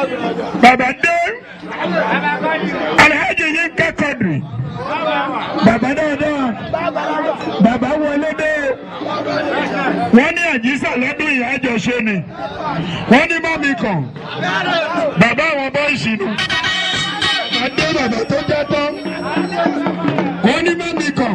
Babade, dé alhaji Yinka Quadri baba dáadáa baba wọlé dé wọ́n ní àjíṣà lọ́dún yìí àjọṣe ni wọ́n ní mọ́mí kan bàbá àwọn bọ́ìsì ni adé bàbá tó jẹ́ tán wọ́n ní mọ́mí kan.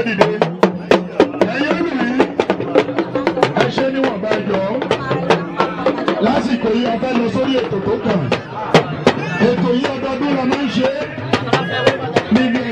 ẹ dìde ẹyẹ lù yí ẹ ṣe níwọ̀nba jọ lásìkò yìí a fẹ́ lọ sórí ètò tó kàn ètò yìí ọdọọdún la máa ń ṣe níbi